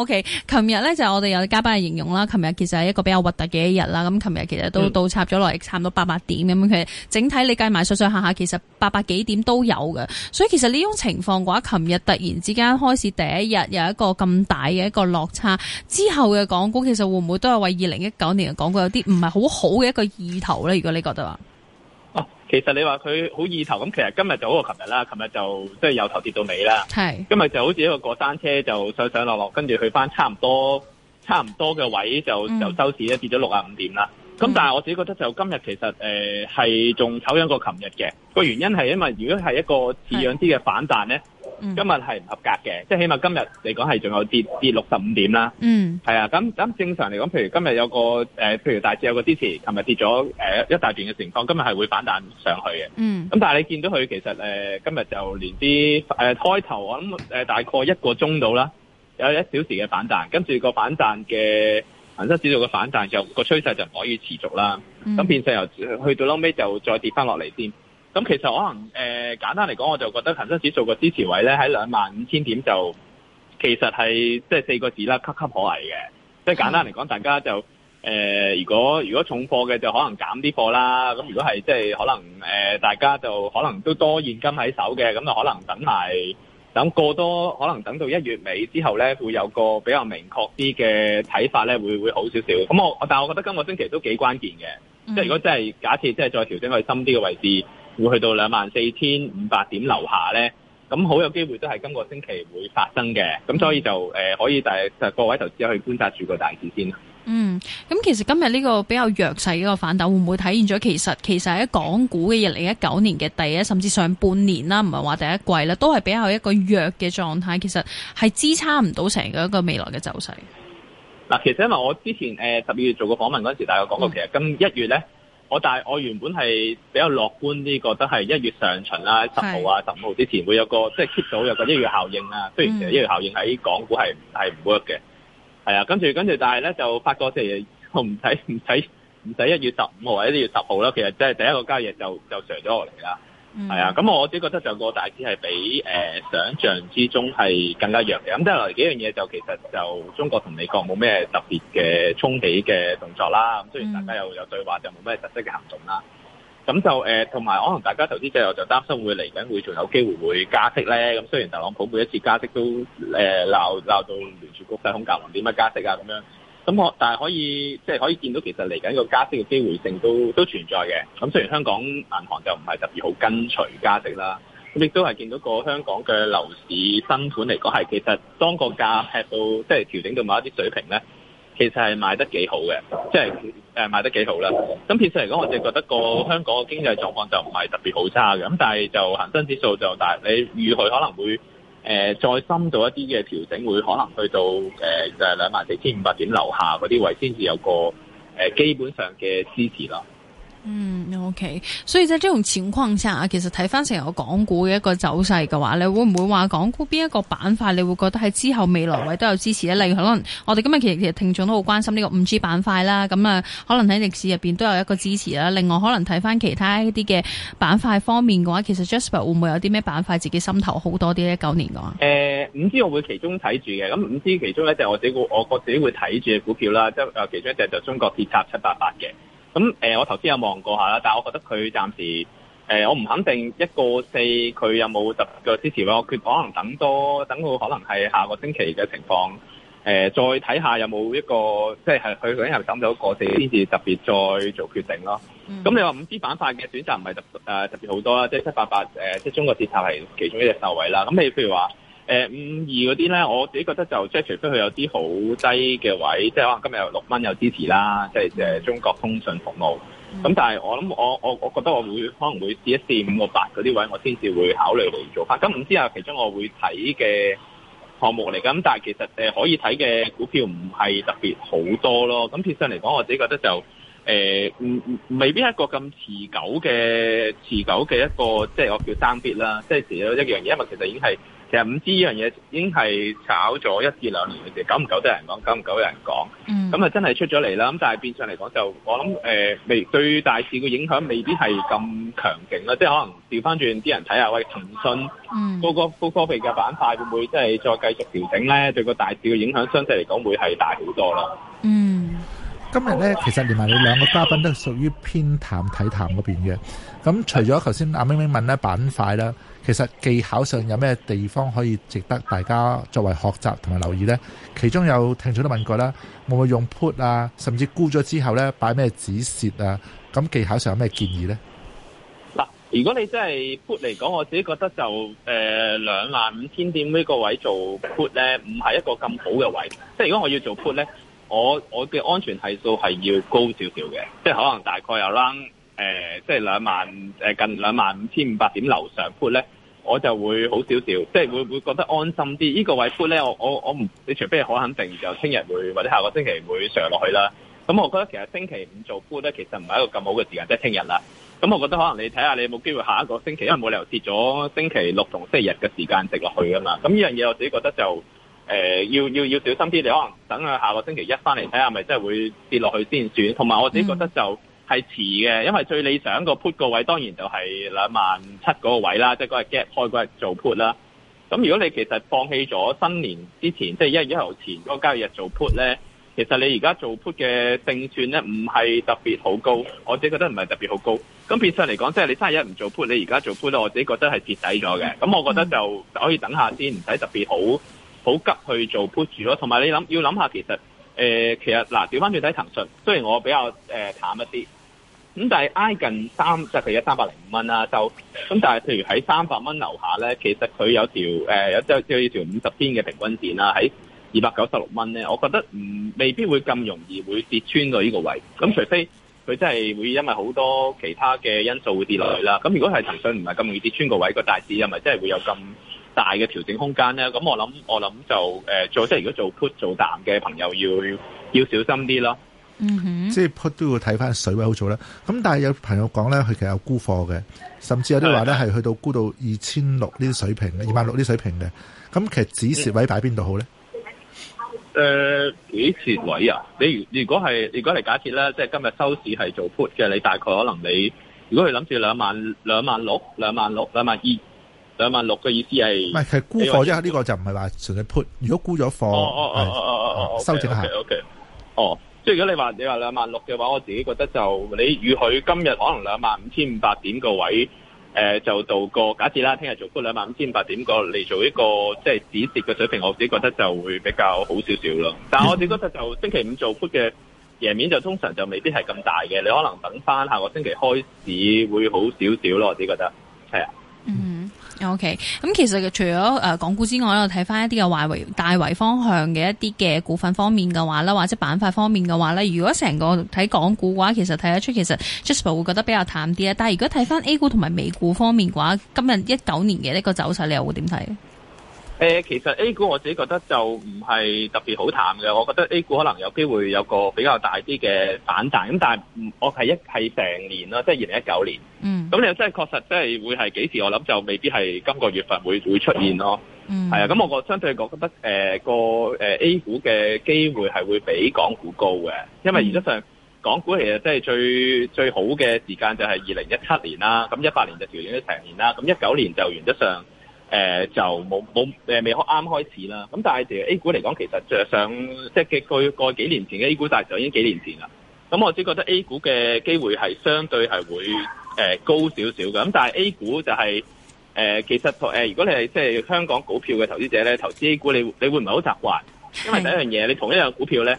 OK 琴日咧就係我哋有加班嘅形容啦。琴日其實係一個比較核突嘅一日啦。咁琴日其實都倒插咗落嚟，差唔多八百點咁樣。其實整體你計埋上上下下，其實八百幾點都有嘅。所以其實呢種情況嘅話，琴日突然之間開始第一日有一個咁大嘅一個落差，之後嘅港股其實會唔會都係為二零一九年嘅港股有啲唔係好好嘅一個意頭咧？如果你覺得話，其實你話佢好意頭咁，其實今日就好過琴日啦。琴日就即係由頭跌到尾啦。係是今日就好似一個過山車，就上上落落，跟住去返差唔多差唔多嘅位就，就、嗯、就收市咧，跌咗六啊五點啦。咁、嗯、但係我自己覺得就今日其實誒係仲醜樣過琴日嘅。個、呃、原因係因為如果係一個似樣啲嘅反彈咧。今日係唔合格嘅，即係起碼今日嚟講係仲有跌跌六十五點啦。嗯，係啊，咁咁正常嚟講，譬如今日有個誒、呃，譬如大致有個支持，尋日跌咗誒、呃、一大段嘅情況，今日係會反彈上去嘅。嗯，咁但係你見到佢其實誒、呃、今日就連啲誒、呃、開頭，我諗誒大概一個鐘到啦，有一小時嘅反彈，跟住個反彈嘅恒生指數嘅反彈就個趨勢就唔可以持續啦。咁、嗯、變相由去到後尾就再跌翻落嚟先。咁其實可能誒、呃、簡單嚟講，我就覺得恆生指數個支持位咧喺兩萬五千點就其實係即係四個字啦，岌岌可危嘅。即係簡單嚟講，大家就誒、呃、如果如果重貨嘅就可能減啲貨啦。咁如果係即係可能誒、呃、大家就可能都多現金喺手嘅，咁就可能等埋等過多，可能等到一月尾之後咧會有個比較明確啲嘅睇法咧，會會好少少。咁我但係我覺得今個星期都幾關鍵嘅，嗯、即係如果真係假設即係再調整去深啲嘅位置。會去到兩萬四千五百點樓下呢，咁好有機會都係今個星期會發生嘅，咁所以就誒、呃、可以，大各位投資者可去觀察住個大市先啦。嗯，咁其實今日呢個比較弱勢嘅一個反彈，會唔會體現咗其實其實喺港股嘅二零一九年嘅第一，甚至上半年啦，唔係話第一季啦，都係比較一個弱嘅狀態，其實係支撐唔到成個一個未來嘅走勢。嗱，其實因為我之前誒十二月做過訪問嗰陣時，大概講過，嗯、其實今一月呢。我但係我原本係比較樂觀啲，覺得係一月上旬啦，十號啊、十五號之前會有個是即係 keep 到有個一月效應啊。嗯、雖然其實一月效應喺港股係係唔 work 嘅，係啊，跟住跟住，但係咧就發覺即係我唔使唔使唔使一月十五號或者一月十號啦，其實即係第一個交易日就就上咗落嚟啦。係、mm hmm. 啊，咁我自己覺得就個大市係比、呃、想像之中係更加弱嘅。咁之後嚟幾樣嘢就其實就中國同美國冇咩特別嘅衝起嘅動作啦。咁雖然大家又有，有對話，就冇咩實質嘅行動啦。咁就同埋可能大家投資者我就擔心會嚟緊會仲有機會會加息咧。咁雖然特朗普每一次加息都誒鬧、呃、到聯儲局低空駕馭點樣加息啊咁樣。咁我，但係可以，即係可以見到其實嚟緊個加息嘅機會性都都存在嘅。咁雖然香港銀行就唔係特別好跟隨加息啦，咁亦都係見到個香港嘅樓市新盤嚟講係其實當個價吃到即係調整到某一啲水平咧，其實係賣得幾好嘅，即係誒賣得幾好啦。咁其實嚟講，我哋覺得個香港嘅經濟狀況就唔係特別好差嘅。咁但係就恒生指數就大，你預佢可能會。誒再深度一啲嘅調整，會可能去到誒、呃、就係、是、兩萬四千五百點樓下啲位，先至有個誒基本上嘅支持啦。嗯，OK。所以即係呢種情況之下，其實睇翻成個港股嘅一個走勢嘅話，你會唔會話港股邊一個板塊你會覺得係之後未來位都有支持咧？例如可能我哋今日其實其實聽眾都好關心呢個五 G 板塊啦。咁、嗯、啊，可能喺歷史入邊都有一個支持啦。另外可能睇翻其他一啲嘅板塊方面嘅話，其實 Jasper 會唔會有啲咩板塊自己心頭好多啲呢？九年嘅話，誒，五 G、呃、我會其中睇住嘅。咁五 G 其中呢，就我自己我自己會睇住嘅股票啦，即係其中一隻就中國鐵塔七八八嘅。咁誒、嗯呃，我頭先有望過下啦，但我覺得佢暫時誒、呃，我唔肯定一個四佢有冇特別支持咯。佢可能等多等個可能係下個星期嘅情況誒、呃，再睇下有冇一個即係佢嗰陣又減咗個四，先至特別再做決定咯。咁、mm hmm. 嗯、你話五 G 板塊嘅選擇唔係特特別好多啦，即係七八八誒，即、就是、中國鐵塔係其中一隻受惠啦。咁你譬如話。誒五二嗰啲咧，我自己覺得就即係除非佢有啲好低嘅位，即係可能今日有六蚊有支持啦，即係誒中國通信服務。咁但係我諗我我我覺得我會可能會試一試五個八嗰啲位，我先至會考慮去做。咁唔知啊，其中我會睇嘅項目嚟咁，但係其實誒可以睇嘅股票唔係特別好多咯。咁貼上嚟講，我自己覺得就。誒，唔、呃、未必係一個咁持久嘅持久嘅一個，即係我叫三別啦，即係除有一樣嘢，因為其實已經係，其實五 G 呢樣嘢已經係炒咗一至兩年嘅事，久唔久都有人講，久唔久有人講，咁啊、嗯、真係出咗嚟啦。咁但係變相嚟講，就我諗誒，未、呃、對大市嘅影響未必係咁強勁啦。即係可能調翻轉啲人睇下，喂，騰訊，高個高，高科技嘅板塊會唔會即係再繼續調整咧？對個大市嘅影響，相對嚟講會係大好多啦。嗯。今日呢，其實連埋你兩個嘉賓都屬於偏淡睇淡嗰邊嘅。咁除咗頭先阿明明問呢板塊啦，其實技巧上有咩地方可以值得大家作為學習同埋留意呢？其中有聽眾都問過啦，會唔會用 put 啊，甚至沽咗之後呢，擺咩止蝕啊？咁技巧上有咩建議呢？嗱，如果你真係 put 嚟講，我自己覺得就誒兩萬五千點呢個位做 put 呢，唔係一個咁好嘅位。即係如果我要做 put 呢。我我嘅安全係數係要高少少嘅，即係可能大概有啦誒即係兩萬誒近兩萬五千五百點樓上沽咧，我就會好少少，即係會會覺得安心啲。呢、呢個位沽咧，我我我唔，你除非可肯定，就聽日會或者下個星期會上落去啦。咁我覺得其實星期五做沽咧，其實唔係一個咁好嘅時間，即係聽日啦。咁我覺得可能你睇下你有冇機會下一個星期，因為冇理由跌咗星期六同星期日嘅時間直落去啊嘛。咁呢樣嘢我自己覺得就。誒、呃、要要要小心啲，你可能等佢下個星期一翻嚟睇下，咪真係會跌落去先算。同埋我自己覺得就係遲嘅，因為最理想個 put 個位當然就係兩萬七嗰個位啦，即係嗰日 gap 開嗰日做 put 啦。咁如果你其實放棄咗新年之前，即係一月一號前嗰交易日做 put 咧，其實你而家做 put 嘅勝算咧唔係特別好高。我自己覺得唔係特別好高。咁變相嚟講，即係你三十一唔做 put，你而家做 put 咧，我自己覺得係跌底咗嘅。咁我覺得就可以等下先，唔使特別好。好急去做 put 住咯，同埋你諗要諗下其、呃，其實其實嗱，調翻轉睇騰訊，雖然我比較慘、呃、淡一啲，咁但係挨近三，即係佢嘅三百零五蚊啦，就咁，但係譬如喺三百蚊樓下咧，其實佢有條、呃、有即即條五十天嘅平均線啦、啊，喺二百九十六蚊咧，我覺得唔未必會咁容易會跌穿到呢個位，咁除非佢真係會因為好多其他嘅因素會跌落去啦。咁如果係騰訊唔係咁容易跌穿個位，個大市又咪真係會有咁，大嘅調整空間咧，咁我諗我諗就誒做、呃，即係如果做 put 做淡嘅朋友要要小心啲咯。嗯哼，即係 put 都要睇翻水位好做啦。咁但係有朋友講咧，佢其實有沽貨嘅，甚至有啲話咧係去到沽到二千六呢啲水平嘅，二萬六呢啲水平嘅。咁其實止蝕位擺邊度好咧？誒、嗯，止、呃、蝕位啊？你如果係如果嚟假設咧，即係今日收市係做 put 嘅，你大概可能你如果係諗住兩萬兩萬六兩萬六兩萬二。兩萬六嘅意思係唔係？係沽貨啫，呢個就唔係話純粹 put。如果沽咗貨，哦哦哦哦哦哦，收整下。O K 哦，即係如果你話你話兩萬六嘅話，我自己覺得就你如果今日可能兩萬五千五百點個位，誒、呃、就到個。假設啦，聽日做 put 兩萬五千五百點個嚟做一個即係止跌嘅水平，我自己覺得就會比較好少少咯。但係我哋覺得就星期五做 put 嘅贏面就通常就未必係咁大嘅，你可能等翻下個星期開始會好少少咯。我自己覺得係啊，嗯、mm。Hmm. O K，咁其實除咗誒港股之外咧，睇翻一啲嘅外圍大圍方向嘅一啲嘅股份方面嘅話咧，或者板塊方面嘅話咧，如果成個睇港股嘅話，其實睇得出其實 Jasper 會覺得比較淡啲咧。但係如果睇翻 A 股同埋美股方面嘅話，今日一九年嘅呢個走勢，你又會點睇？誒，其實 A 股我自己覺得就唔係特別好淡嘅，我覺得 A 股可能有機會有個比較大啲嘅反彈，咁但係唔，我係一係成年啦，即係二零一九年。嗯。咁你又真係確實真係會係幾時？我諗就未必係今個月份會會出現咯。嗯。係啊，咁我個相對嚟講，覺得誒個誒 A 股嘅機會係會比港股高嘅，因為原則上港股其實即係最最好嘅時間就係二零一七年啦，咁一八年就調整咗成年啦，咁一九年就原則上。誒、呃、就冇冇未好啱開始啦，咁但係其實 A 股嚟講，其實就上即係幾佢過幾年前嘅 A 股大就已經幾年前啦。咁我只覺得 A 股嘅機會係相對係會誒、呃、高少少嘅。咁但係 A 股就係、是、誒、呃、其實、呃、如果你係即係香港股票嘅投資者咧，投資 A 股你你會唔係好習慣，因為，因為第一樣嘢，你同一樣股票咧，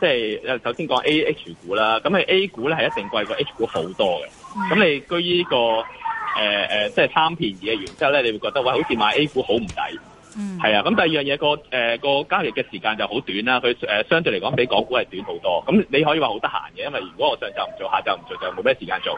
即係、呃、首先講 A H 股啦，咁你 A 股咧係一定貴過 H 股好多嘅。咁你居於呢個。誒誒、呃，即係貪便宜，然之後咧，你會覺得喂，好似買 A 股好唔抵，係啊、嗯。咁第二樣嘢，個誒、呃、個交易嘅時間就好短啦。佢誒、呃、相對嚟講比港股係短好多。咁你可以話好得閒嘅，因為如果我上晝唔做，下晝唔做，就冇咩時間做。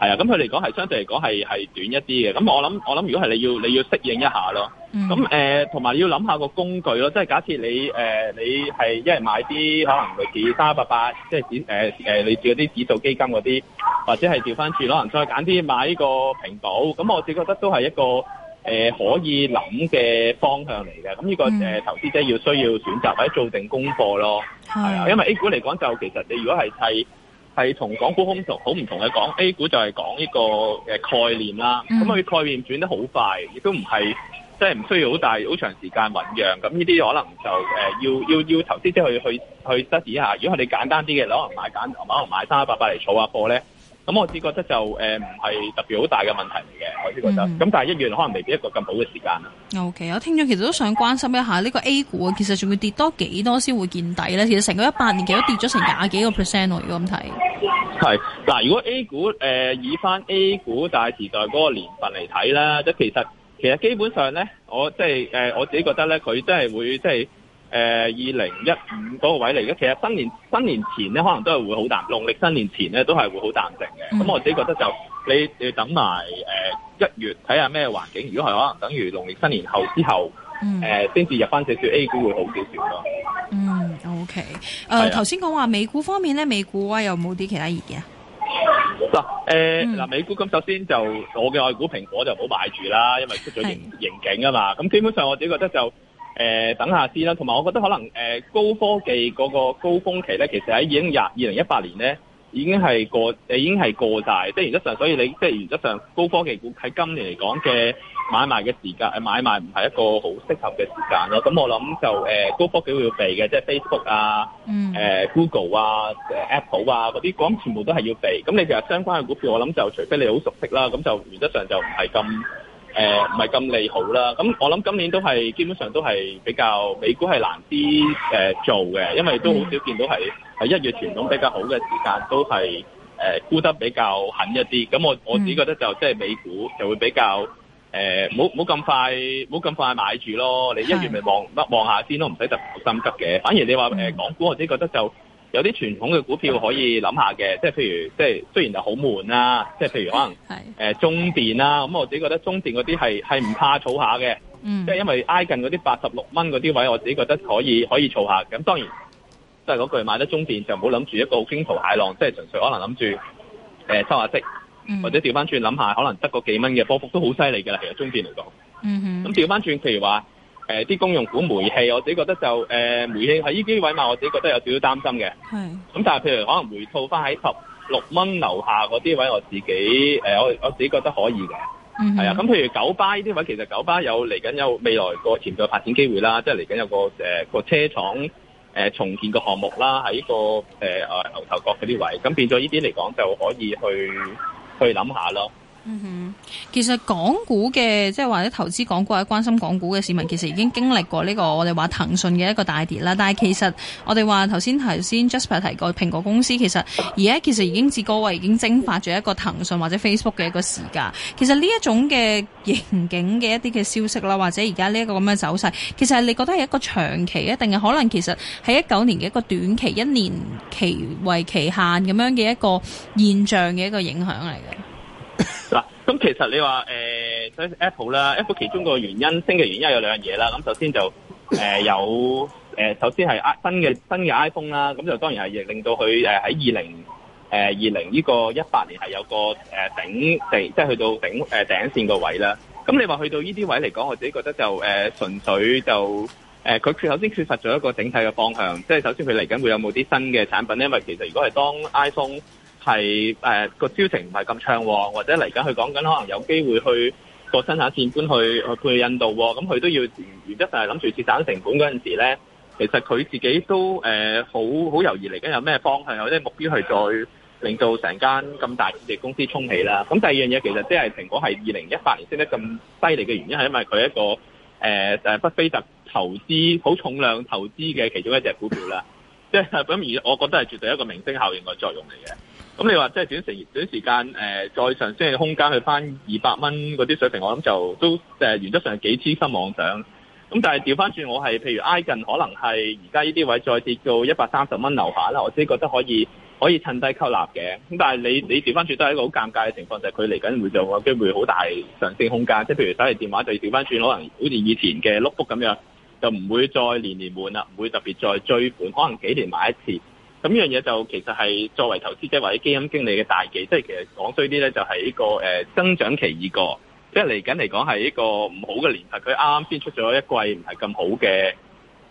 係啊，咁佢嚟講係相對嚟講係係短一啲嘅，咁我諗我諗如果係你要你要適應一下咯，咁誒同埋你要諗下個工具咯，即係假設你誒、呃、你係一係買啲可能類似三八八，即、呃、係指誒誒類似嗰啲指數基金嗰啲，或者係調翻轉可能再揀啲買呢個平保，咁我自己覺得都係一個誒、呃、可以諗嘅方向嚟嘅，咁呢、這個誒投資者要需要選擇或者做定功課咯，係啊，因為 A 股嚟講就其實你如果係砌。係同港股空俗好唔同嘅，講 A 股就係講呢個概念啦。咁佢概念轉得好快，亦都唔係即係唔需要好大好長時間醖釀。咁呢啲可能就要要要投資啲去去去 study 一下。如果係你簡單啲嘅，可能買簡，可能買三一八八嚟儲下貨咧。咁我自己覺得就誒唔係特別好大嘅問題嚟嘅，我先覺得。咁、mm hmm. 但係一月可能未必一個咁好嘅時間啦。OK，我聽咗其實都想關心一下呢個 A 股啊，其實仲會跌多幾多先會見底咧？其實成個一八年其實都跌咗成廿幾個 percent 喎，如果咁睇。係嗱，如果 A 股誒、呃、以返 A 股大時代嗰個年份嚟睇啦，即其實其實基本上咧，我即係誒、呃、我自己覺得咧，佢真係會即係。誒，二零一五嗰個位嚟嘅，其實新年新年前咧，可能都係會好淡，農曆新年前咧都係會好淡靜嘅。咁、嗯、我自己覺得就你要等埋誒一月睇下咩環境，如果係可能等於農曆新年後之後，誒先至入翻少少 A 股會好少少咯。嗯，OK。誒、呃，頭先講話美股方面咧，美股啊有冇啲其他意見啊？嗱，誒、呃，嗱、嗯、美股咁，首先就我嘅外股蘋果就唔好買住啦，因為出咗盈盈警啊嘛。咁基本上我自己覺得就。誒，等下先啦，同埋我覺得可能誒，高科技嗰個高峰期咧，其實喺已經廿二零一八年咧，已經係過，誒已經係過晒。即係原則上，所以你即係原則上，高科技股喺今年嚟講嘅買賣嘅時間，誒買賣唔係一個好適合嘅時間咯。咁我諗就誒，高科技會要避嘅，即係 Facebook 啊，嗯，誒 Google 啊，誒 Apple 啊嗰啲，講，全部都係要避。咁你其實相關嘅股票，我諗就除非你好熟悉啦，咁就原則上就唔係咁。誒唔係咁利好啦，咁我諗今年都係基本上都係比較美股係難啲、呃、做嘅，因為都好少見到係一月傳統比較好嘅時間都係誒、呃、沽得比較狠一啲，咁我我只覺得就即係美股就會比較誒，唔好咁快唔好咁快買住咯，你一月咪望乜望下先都唔使特心急嘅，反而你話、呃、港股，我只覺得就。有啲傳統嘅股票可以諗下嘅，即係譬如，即係雖然係好悶啦、啊，即係譬如可能、呃、中電啦、啊，咁、嗯、我自己覺得中電嗰啲係係唔怕儲下嘅，嗯、即係因為挨近嗰啲八十六蚊嗰啲位，我自己覺得可以可以儲下。咁當然即係嗰句，買得中電就唔好諗住一個驚濤駭浪，即係純粹可能諗住、呃、收下息，嗯、或者調翻轉諗下，可能得個幾蚊嘅波幅都好犀利㗎啦。其實中電嚟講，咁調翻轉譬如話。誒啲、呃、公用股煤氣，我自己覺得就誒、呃、煤氣喺呢啲位嘛，我自己覺得有少少擔心嘅。咁是但係譬如可能回吐返喺十六蚊樓下嗰啲位，我自己誒、呃、我我自己覺得可以嘅。嗯是。啊，咁譬如九巴呢啲位，其實九巴有嚟緊有未來個潛在發展機會啦，即係嚟緊有個、呃、個車廠、呃、重建個項目啦，喺個誒、呃、牛頭角嗰啲位，咁變咗呢啲嚟講就可以去去諗下咯。嗯哼，其實港股嘅，即係或者投資港股或者關心港股嘅市民，其實已經經歷過呢個我哋話騰訊嘅一個大跌啦。但係其實我哋話頭先頭先 Jasper 提過蘋果公司，其實而家其實已經至高位，已經蒸發咗一個騰訊或者 Facebook 嘅一個市價。其實呢一種嘅形景嘅一啲嘅消息，啦，或者而家呢一個咁嘅走勢，其實係你覺得係一個長期，定係可能其實喺一九年嘅一個短期一年期為期限咁樣嘅一個現象嘅一個影響嚟嘅？嗱，咁其實你話誒，所以 Apple 啦，Apple 其中個原因，升嘅原因有兩樣嘢啦。咁首先就誒有誒，首先係新嘅新嘅 iPhone 啦。咁就當然係亦令到佢誒喺二零誒二零呢個一八年係有個誒頂地，即係去到頂誒頂線個位啦。咁你話去到呢啲位嚟講，我自己覺得就誒純粹就誒佢缺，頭先缺乏咗一個整體嘅方向。即係首先佢嚟緊會有冇啲新嘅產品呢？因為其實如果係當 iPhone。係誒、呃那個銷情唔係咁暢喎、喔，或者嚟緊佢講緊可能有機會去個生產線搬去去配印度、喔，咁佢都要原則就係諗住節省成本嗰陣時咧，其實佢自己都誒好好猶豫，嚟緊有咩方向，有啲目標去再令到成間咁大嘅公司衝起啦。咁第二樣嘢其實即係蘋果係二零一八年升得咁犀利嘅原因，係因為佢一個誒、呃、畢菲特投資好重量投資嘅其中一隻股票啦，即係咁而我覺得係絕對一個明星效應嘅作用嚟嘅。咁你話即係短短時間，誒、呃、再上升嘅空間去翻二百蚊嗰啲水平，我諗就都誒、呃、原則上幾痴心妄想。咁但係調翻轉，我係譬如挨近，可能係而家呢啲位再跌到一百三十蚊樓下啦，我先覺得可以可以趁低吸納嘅。咁但係你你調翻轉都係一個好尷尬嘅情況，就係佢嚟緊會就有機會好大上升空間。即係譬如打嚟電話，就調翻轉可能好似以前嘅 notebook 咁樣，就唔會再年年換啦，唔會特別再追本，可能幾年買一次。咁樣樣嘢就其實係作為投資者或者基金經理嘅大忌，即係其實講衰啲呢，就係一個增長期已過，即係嚟緊嚟講係一個唔好嘅年份。佢啱啱先出咗一季唔係咁好嘅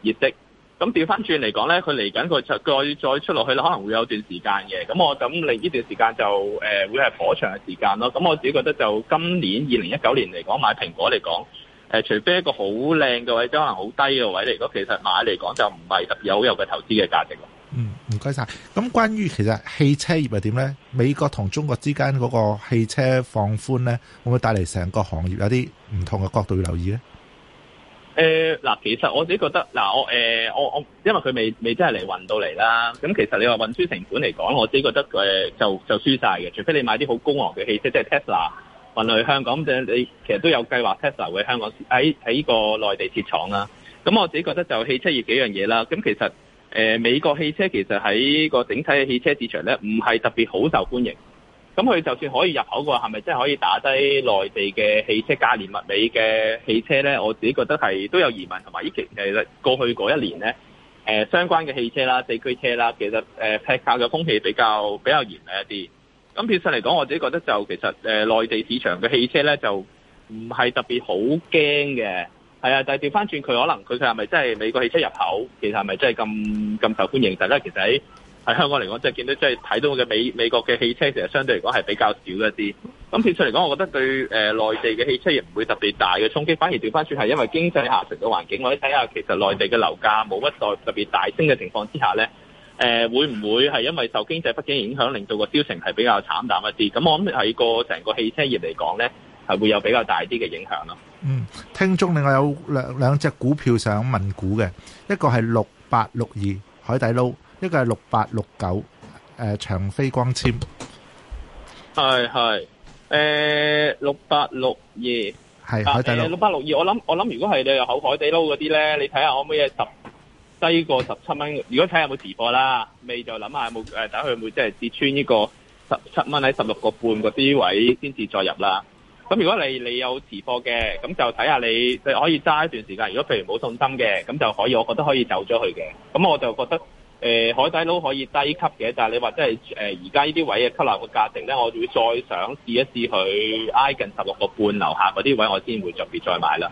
業績，咁調翻轉嚟講呢，佢嚟緊佢就再再出落去可能會有段時間嘅。咁我咁你呢段時間就誒、呃、會係頗長嘅時間咯。咁我自己覺得就今年二零一九年嚟講買蘋果嚟講，誒、呃、除非一個好靚嘅位，即可能好低嘅位嚟講，其實買嚟講就唔係特別好有嘅投資嘅價值咯。嗯。晒。咁關於其實汽車業係點呢？美國同中國之間嗰個汽車放寬呢，會唔會帶嚟成個行業有啲唔同嘅角度要留意呢？誒，嗱，其實我自己覺得，嗱、呃，我誒、呃，我我因為佢未未真係嚟運到嚟啦。咁其實你話運輸成本嚟講，我自己覺得誒，就就輸晒嘅。除非你買啲好高昂嘅汽車，即係 Tesla 運去香港，即你其實都有計劃 Tesla 會喺香港喺喺個內地設廠啦。咁我自己覺得就是汽車業幾樣嘢啦。咁其實。誒、呃，美國汽車其實喺個整體嘅汽車市場咧，唔係特別好受歡迎。咁佢就算可以入口嘅話係咪真係可以打低內地嘅汽車價廉物美嘅汽車咧？我自己覺得係都有疑問。同埋，呢期其實過去嗰一年咧，誒、呃、相關嘅汽車啦、四驅車啦，其實誒劈價嘅風氣比較比較嚴厲一啲。咁，其實嚟講，我自己覺得就其實誒內、呃、地市場嘅汽車咧，就唔係特別好驚嘅。係啊，但係調翻轉佢可能佢佢係咪真係美國汽車入口？其實係咪真係咁咁受歡迎？但係咧，其實喺香港嚟講，即係見到即係睇到嘅美美國嘅汽車，其實相對嚟講係比較少一啲。咁、嗯、撇出嚟講，我覺得對誒、呃、內地嘅汽車業唔會特別大嘅衝擊，反而調翻轉係因為經濟下行嘅環境。我哋睇下其實內地嘅樓價冇乜再特別大升嘅情況之下咧，誒、呃、會唔會係因為受經濟不景影響，令到個銷情係比較慘淡一啲？咁、嗯、我諗喺、那個成個汽車業嚟講咧。係會有比較大啲嘅影響咯。嗯，聽眾另外有兩兩隻股票想問股嘅，一個係、呃呃、六八六二海底撈，一個係六八六九誒長飛光纖係係誒六八六二係海底撈六八六二。我諗我諗，如果係你入口海底撈嗰啲咧，你睇下可唔可以十低過十七蚊？如果睇下有冇持貨啦，未就諗下有冇誒，睇下會唔會即係跌穿呢個十七蚊喺十六個半嗰啲位先至再入啦。咁如果你你有持貨嘅，咁就睇下你就可以揸一段時間。如果譬如冇信心嘅，咁就可以，我覺得可以走咗去嘅。咁我就覺得，誒、呃、海底撈可以低級嘅，但係你話即係誒而家呢啲位嘅吸納個價值咧，我就會再想試一試佢挨近十六個半樓下嗰啲位，我先會特別再買啦。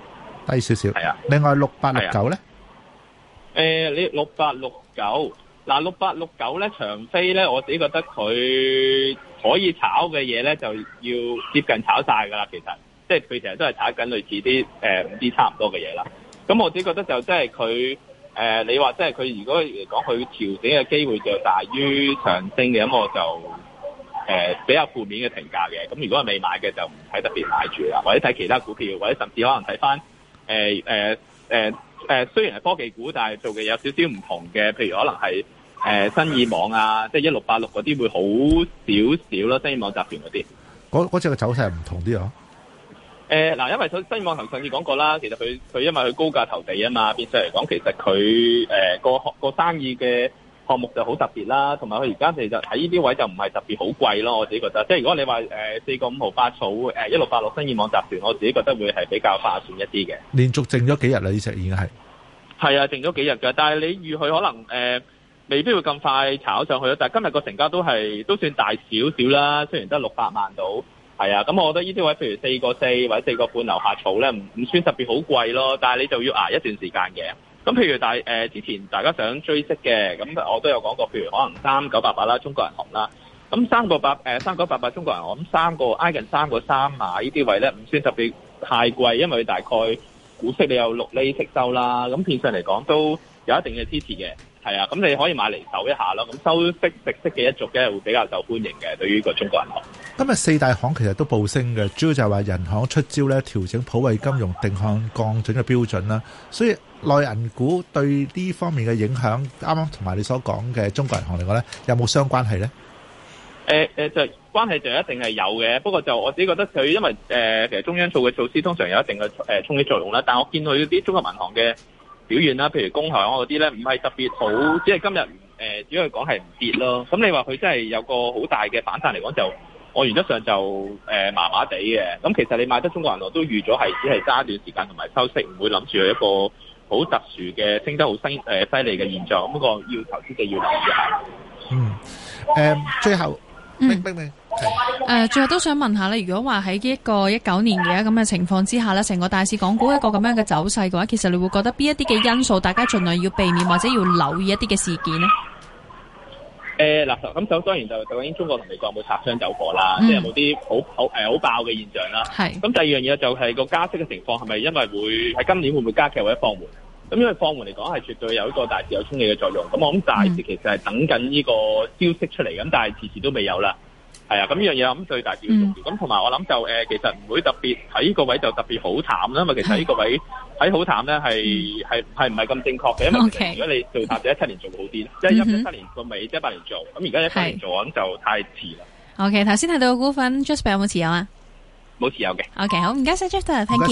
低少少係啊。另外六八六九咧，誒、啊呃、你六八六九嗱六八六九咧長飛咧，我自己覺得佢。可以炒嘅嘢咧，就要接近炒曬噶啦。其實，即係佢成日都係炒緊類似啲誒唔知差唔多嘅嘢啦。咁我自己覺得就即係佢誒，你話即係佢如果講佢調整嘅機會就大於上升嘅，咁我就誒、呃、比較負面嘅評價嘅。咁如果係未買嘅，就唔係特別買住啦，或者睇其他股票，或者甚至可能睇翻誒誒誒誒，雖然係科技股，但係做嘅有少少唔同嘅，譬如可能係。誒，新、呃、意網啊，即係一六八六嗰啲會好少少啦。新意網集團嗰啲，嗰嗰隻嘅走勢係唔同啲啊。誒、哦，嗱、呃，因為新新意網上次講過啦，其實佢佢因為佢高價投地啊嘛，變相嚟講，其實佢誒、呃、個個生意嘅項目就好特別啦。同埋佢而家其實喺呢啲位就唔係特別好貴咯。我自己覺得，即係如果你話誒四個五毫八草誒一六八六新意網集團，我自己覺得會係比較劃算一啲嘅。連續剩咗幾日啦，呢隻已經係係啊，剩咗幾日噶，但係你預佢可能誒。呃未必會咁快炒上去，但係今日個成交都係都算大少少啦，雖然得六百萬到，係啊，咁我覺得呢啲位，譬如四個四或者四個半樓下儲呢，唔唔算特別好貴咯，但係你就要捱一段時間嘅。咁譬如大誒之、呃、前，前大家想追息嘅，咁我都有講過，譬如可能三九八八啦，中國銀行啦，咁三個八誒三九八八中國銀行，咁三個挨近三個三啊。呢啲位呢，唔算特別太貴，因為大概股息你有六厘息收啦，咁變相嚟講都有一定嘅支持嘅。係啊，咁你可以買嚟走一下咯。咁收息息息嘅一族嘅，會比較受歡迎嘅。對於個中國銀行，今日四大行其實都報升嘅，主要就係話銀行出招咧，調整普惠金融定向降準嘅標準啦。所以內銀股對呢方面嘅影響，啱啱同埋你所講嘅中國銀行嚟講咧，有冇相關係咧？誒誒，就關係就一定係有嘅。不過就我自己覺得，佢因為誒其實中央做嘅措施通常有一定嘅誒沖喜作用啦。但我見佢啲中國銀行嘅。表現啦，譬如工行嗰啲咧，唔係特別好，只係今日誒，只可以講係唔跌咯。咁你話佢真係有個好大嘅反彈嚟講，就我原則上就誒麻麻地嘅。咁其實你買得中國銀行都預咗係只係揸一段時間同埋收息，唔會諗住係一個好特殊嘅升得好犀誒犀利嘅現象。咁個要求先嘅要留意下。嗯。誒，最後。明誒，最後都想問一下咧，如果話喺呢一個一九年嘅咁嘅情況之下咧，成個大市港股一個咁樣嘅走勢嘅話，其實你會覺得邊一啲嘅因素，大家盡量要避免或者要留意一啲嘅事件呢？誒、呃，嗱，咁首先當然就就究竟中國同美國冇擦槍走火啦，即係冇啲好好誒好爆嘅現象啦。係是。咁第二樣嘢就係個加息嘅情況，係咪因為會喺今年會唔會加劇或者放緩？咁因為放緩嚟講係絕對有一個大市有沖擊嘅作用。咁我諗大市其實係等緊呢個消息出嚟，咁但係遲遲都未有啦。係啊，咁呢樣嘢、嗯、我諗對大市好重要。咁同埋我諗就誒，其實唔會特別喺呢個位就特別好淡啦。因為其實呢個位睇好淡咧，係係係唔係咁正確嘅。因為如果你做達者一七年做好啲，即係一七年個尾，即一八年做，咁而家一八年做咁是就太遲啦。OK，頭先睇到嘅股份 Jasper 有冇持有啊？冇持有嘅。OK，好，唔該晒 Jasper，thank you。